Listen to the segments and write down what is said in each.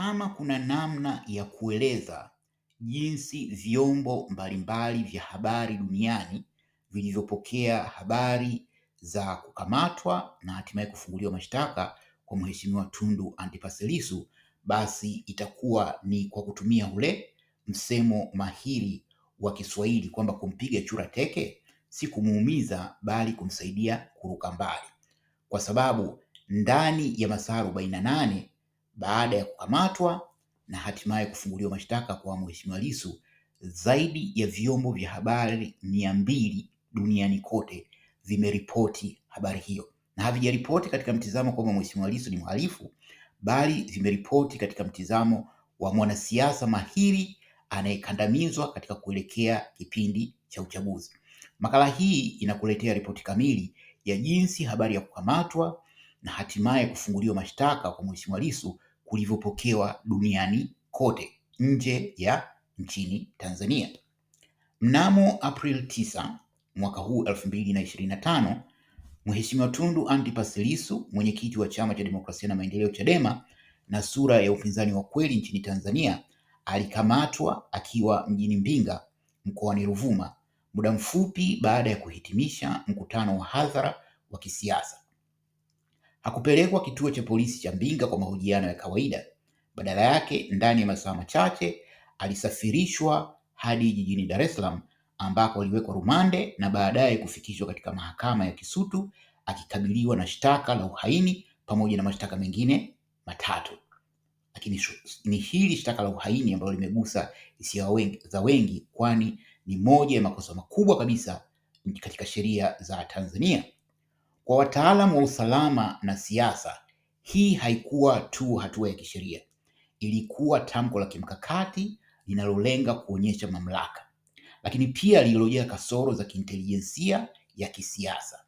kama kuna namna ya kueleza jinsi vyombo mbalimbali vya habari duniani vilivyopokea habari za kukamatwa na hatimaye kufunguliwa mashtaka kwa Mheshimiwa Tundu Antipas Lissu, basi itakuwa ni kwa kutumia ule msemo mahiri wa Kiswahili kwamba kumpiga chura teke si kumuumiza, bali kumsaidia kuruka mbali, kwa sababu ndani ya masaa arobaini na nane baada ya kukamatwa na hatimaye kufunguliwa mashtaka kwa Mheshimiwa Lissu, zaidi ya vyombo vya habari mia mbili duniani kote vimeripoti habari hiyo, na havijaripoti katika mtizamo kwamba Mheshimiwa Lissu ni mhalifu, bali vimeripoti katika mtizamo wa mwanasiasa mahiri anayekandamizwa katika kuelekea kipindi cha uchaguzi. Makala hii inakuletea ripoti kamili ya jinsi habari ya kukamatwa na hatimaye kufunguliwa mashtaka kwa Mheshimiwa Lissu kulivyopokewa duniani kote nje ya nchini Tanzania. Mnamo April 9 mwaka huu 2025, Mheshimiwa Tundu Antipas Lissu, mwenyekiti wa Chama cha Demokrasia na Maendeleo Chadema na sura ya upinzani wa kweli nchini Tanzania, alikamatwa akiwa mjini Mbinga mkoani Ruvuma muda mfupi baada ya kuhitimisha mkutano wa hadhara wa kisiasa. Hakupelekwa kituo cha polisi cha Mbinga kwa mahojiano ya kawaida. Badala yake, ndani ya masaa machache alisafirishwa hadi jijini Dar es Salaam ambako aliwekwa rumande na baadaye kufikishwa katika mahakama ya Kisutu akikabiliwa na shtaka la uhaini pamoja na mashtaka mengine matatu. Lakini ni hili shtaka la uhaini ambalo limegusa hisia za wengi, kwani ni moja ya makosa makubwa kabisa katika sheria za Tanzania. Kwa wataalamu wa usalama na siasa, hii haikuwa tu hatua ya kisheria, ilikuwa tamko la kimkakati linalolenga kuonyesha mamlaka, lakini pia lililojaa kasoro za kiintelijensia ya kisiasa.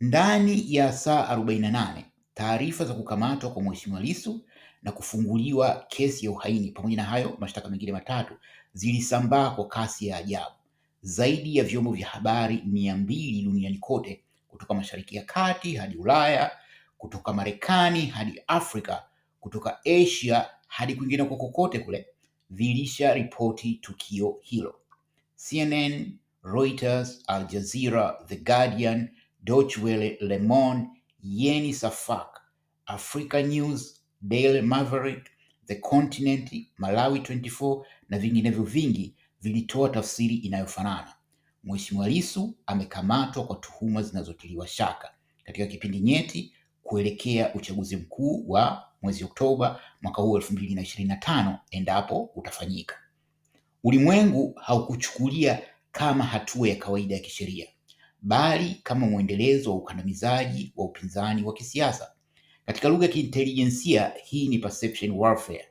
Ndani ya saa 48 taarifa za kukamatwa kwa Mheshimiwa Lissu na kufunguliwa kesi ya uhaini, pamoja na hayo mashtaka mengine matatu, zilisambaa kwa kasi ya ajabu. Zaidi ya vyombo vya habari mia mbili duniani kote kutoka Mashariki ya Kati hadi Ulaya, kutoka Marekani hadi Afrika, kutoka Asia hadi kwa kokote kule vilisha ripoti tukio hilo. CNN, Reuters, Al Jazeera, The Guardian, Deutsche Welle, Le Monde, Yeni Safak, Africa News, Daily Maverick, The Continent, Malawi 24 na vinginevyo vingi vilitoa tafsiri inayofanana. Mheshimiwa Lissu amekamatwa kwa tuhuma zinazotiliwa shaka katika kipindi nyeti kuelekea uchaguzi mkuu wa mwezi Oktoba mwaka huu 2025 endapo utafanyika. Ulimwengu haukuchukulia kama hatua ya kawaida ya kisheria, bali kama mwendelezo wa ukandamizaji wa upinzani wa kisiasa. Katika lugha ya kiintelijensia, hii ni perception warfare,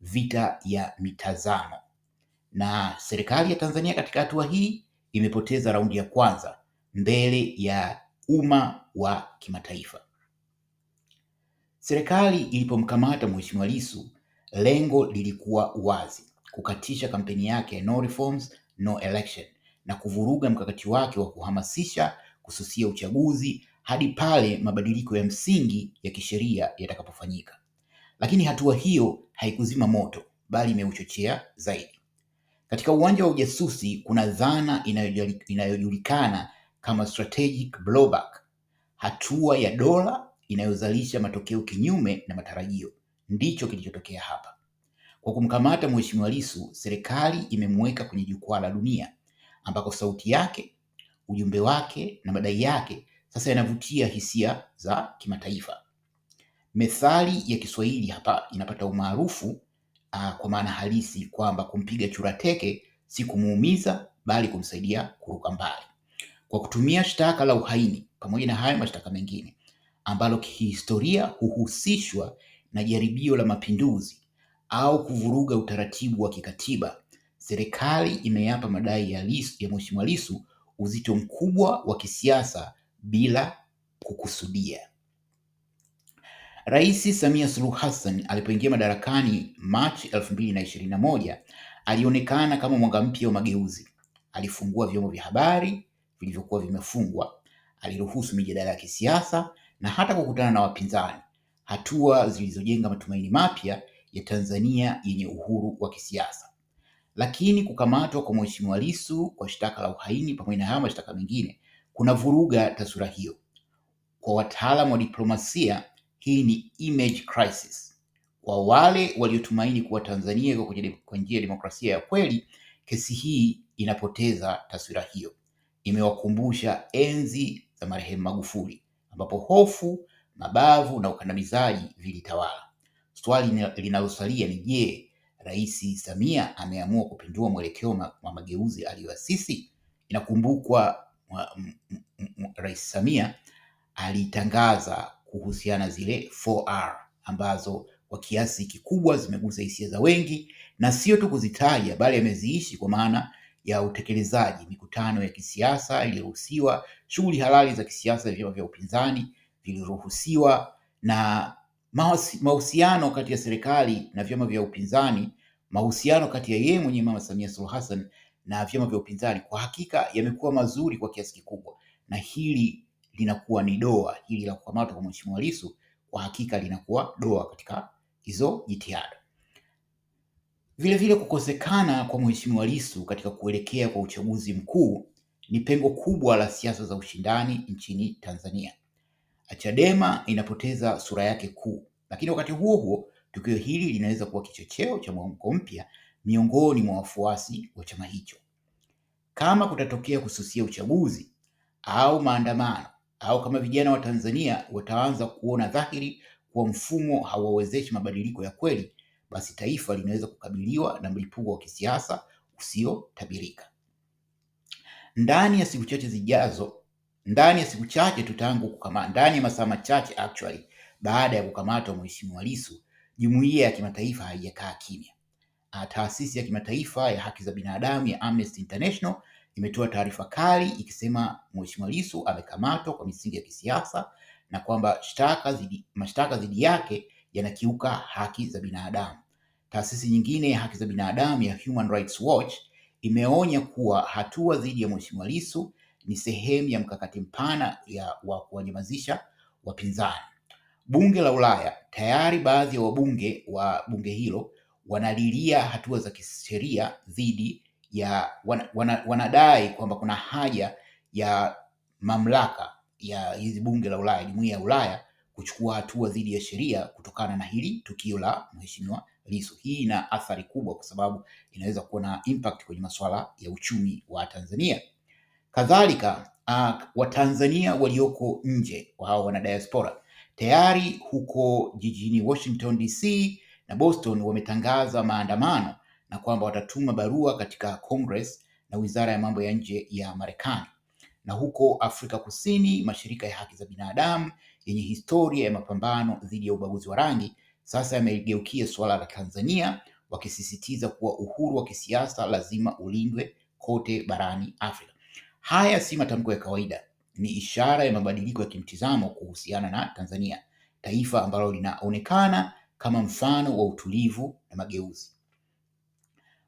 vita ya mitazamo. Na serikali ya Tanzania katika hatua hii imepoteza raundi ya kwanza mbele ya umma wa kimataifa. Serikali ilipomkamata Mheshimiwa Lissu, lengo lilikuwa wazi: kukatisha kampeni yake ya no reforms no election na kuvuruga mkakati wake wa kuhamasisha kususia uchaguzi hadi pale mabadiliko ya msingi ya kisheria yatakapofanyika. Lakini hatua hiyo haikuzima moto, bali imeuchochea zaidi. Katika uwanja wa ujasusi kuna dhana inayojulikana kama strategic blowback, hatua ya dola inayozalisha matokeo kinyume na matarajio. Ndicho kilichotokea hapa. Kwa kumkamata Mheshimiwa Lissu, serikali imemweka kwenye jukwaa la dunia ambako sauti yake, ujumbe wake na madai yake sasa yanavutia hisia za kimataifa. Methali ya Kiswahili hapa inapata umaarufu uh, kwa maana halisi kwamba kumpiga chura teke si kumuumiza bali kumsaidia kuruka mbali kwa kutumia shtaka la uhaini pamoja na hayo mashtaka mengine ambalo kihistoria huhusishwa na jaribio la mapinduzi au kuvuruga utaratibu wa kikatiba, serikali imeyapa madai ya Lissu, ya Mheshimiwa lisu uzito mkubwa wa kisiasa bila kukusudia. Rais Samia Suluhu Hassan alipoingia madarakani Machi 2021 alionekana kama mwanga mpya wa mageuzi. Alifungua vyombo vya habari vilivyokuwa vimefungwa, aliruhusu mijadala ya kisiasa na hata kukutana na wapinzani, hatua zilizojenga matumaini mapya ya Tanzania yenye uhuru wa kisiasa. Lakini kukamatwa kwa Mheshimiwa Lissu kwa shtaka la uhaini pamoja na hayo mashtaka mengine kuna vuruga taswira hiyo. Kwa wataalamu wa diplomasia hii ni image crisis. Kwa wale waliotumaini kuwa Tanzania iko kwa njia ya demokrasia ya kweli, kesi hii inapoteza taswira hiyo. Imewakumbusha enzi za marehemu Magufuli ambapo hofu, mabavu na ukandamizaji vilitawala. Swali linalosalia ni je, Rais Samia ameamua kupindua mwelekeo wa mageuzi aliyoasisi? Inakumbukwa Rais Samia alitangaza kuhusiana zile 4R ambazo kwa kiasi kikubwa zimegusa hisia za wengi, na sio tu kuzitaja bali ameziishi kwa maana ya utekelezaji: mikutano ya kisiasa iliyoruhusiwa, shughuli halali za kisiasa, vyama vya upinzani viliruhusiwa, na mahusiano kati ya serikali na vyama vya upinzani. Mahusiano kati ya yeye mwenyewe Mama Samia Suluhu Hassan na vyama vya upinzani kwa hakika yamekuwa mazuri kwa kiasi kikubwa, na hili linakuwa ni doa hili la kukamatwa kwa Mheshimiwa Lissu, kwa hakika linakuwa doa katika hizo jitihada. Vilevile, kukosekana kwa Mheshimiwa Lissu katika kuelekea kwa uchaguzi mkuu ni pengo kubwa la siasa za ushindani nchini Tanzania. Chadema inapoteza sura yake kuu, lakini wakati huo huo tukio hili linaweza kuwa kichocheo cha mwamko mpya miongoni mwa wafuasi wa chama hicho. Kama kutatokea kususia uchaguzi au maandamano au kama vijana wa Tanzania wataanza kuona dhahiri kuwa mfumo hauwawezeshi mabadiliko ya kweli, basi taifa linaweza kukabiliwa na mlipuko wa kisiasa usiotabirika. Ndani ya siku chache zijazo, ndani ya siku chache tutangu kukamata, ndani ya masaa machache actually, baada ya kukamatwa Mheshimiwa Lissu, jumuiya ya kimataifa haijakaa kimya. Ah, taasisi ya kimataifa ya haki za binadamu ya Amnesty International imetoa taarifa kali ikisema Mheshimiwa Lissu amekamatwa kwa misingi ya kisiasa na kwamba mashtaka dhidi yake yanakiuka haki za binadamu. Taasisi nyingine ya haki za binadamu ya Human Rights Watch imeonya kuwa hatua dhidi ya Mheshimiwa Lissu ni sehemu ya mkakati mpana wa kuwanyamazisha wapinzani. Bunge la Ulaya, tayari baadhi ya wabunge wa bunge hilo wanalilia hatua za kisheria dhidi ya wan, wanadai kwamba kuna haja ya mamlaka ya hizi bunge la Ulaya, jumuiya ya Ulaya kuchukua hatua dhidi ya sheria kutokana na hili tukio la mheshimiwa Lissu. Hii ina athari kubwa, kwa sababu inaweza kuwa na impact kwenye masuala ya uchumi wa Tanzania. Kadhalika uh, Watanzania walioko nje wao wana diaspora tayari huko jijini Washington DC na Boston wametangaza maandamano na kwamba watatuma barua katika Congress na Wizara ya Mambo ya Nje ya Marekani. Na huko Afrika Kusini, mashirika ya haki za binadamu yenye historia ya mapambano dhidi ya ubaguzi wa rangi sasa yamegeukia suala la Tanzania, wakisisitiza kuwa uhuru wa kisiasa lazima ulindwe kote barani Afrika. Haya si matamko ya kawaida, ni ishara ya mabadiliko ya kimtizamo kuhusiana na Tanzania, taifa ambalo linaonekana kama mfano wa utulivu na mageuzi.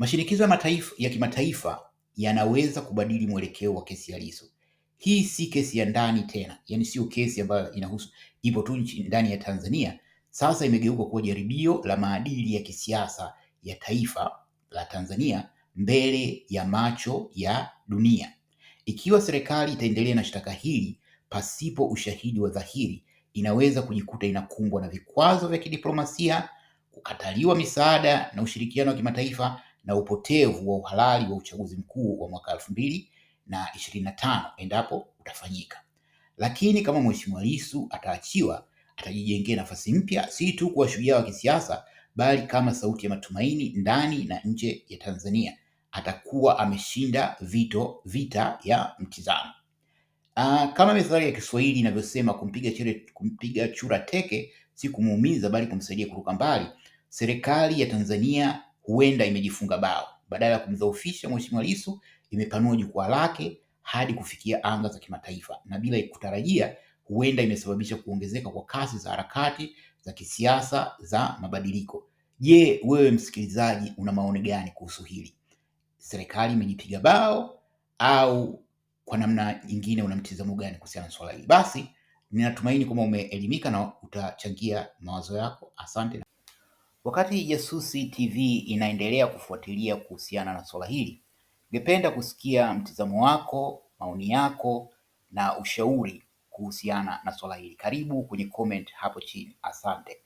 Mashinikizo mataifa, ya kimataifa yanaweza kubadili mwelekeo wa kesi ya Lissu. Hii si kesi ya ndani tena, yani sio kesi ambayo inahusu ipo tu ndani ya Tanzania. Sasa imegeuka kuwa jaribio la maadili ya kisiasa ya taifa la Tanzania mbele ya macho ya dunia. Ikiwa serikali itaendelea na shtaka hili pasipo ushahidi wa dhahiri, inaweza kujikuta inakumbwa na vikwazo vya kidiplomasia, kukataliwa misaada na ushirikiano wa kimataifa na upotevu wa uhalali wa uchaguzi mkuu wa mwaka elfu mbili na ishirini na tano endapo utafanyika. Lakini kama Mheshimiwa Lissu ataachiwa, atajijengea nafasi mpya, si tu kuwa shujaa wa kisiasa, bali kama sauti ya matumaini ndani na nje ya Tanzania. Atakuwa ameshinda vito vita ya mtizamo. Uh, kama methali ya Kiswahili inavyosema, kumpiga chere, kumpiga chura teke si kumuumiza, bali kumsaidia kuruka mbali. Serikali ya Tanzania huenda imejifunga bao, badala ya kumdhoofisha Mheshimiwa Lissu imepanua jukwaa lake hadi kufikia anga za kimataifa, na bila kutarajia, huenda imesababisha kuongezeka kwa kasi za harakati za kisiasa za mabadiliko. Je, wewe msikilizaji, una maoni gani kuhusu hili? Serikali imejipiga bao au kwa namna nyingine una mtizamo gani kuhusiana na swala hili? Basi ninatumaini kwamba umeelimika na utachangia mawazo yako. Asante. Wakati Jasusi TV inaendelea kufuatilia kuhusiana na swala hili, ningependa kusikia mtizamo wako, maoni yako na ushauri kuhusiana na swala hili. Karibu kwenye comment hapo chini. Asante.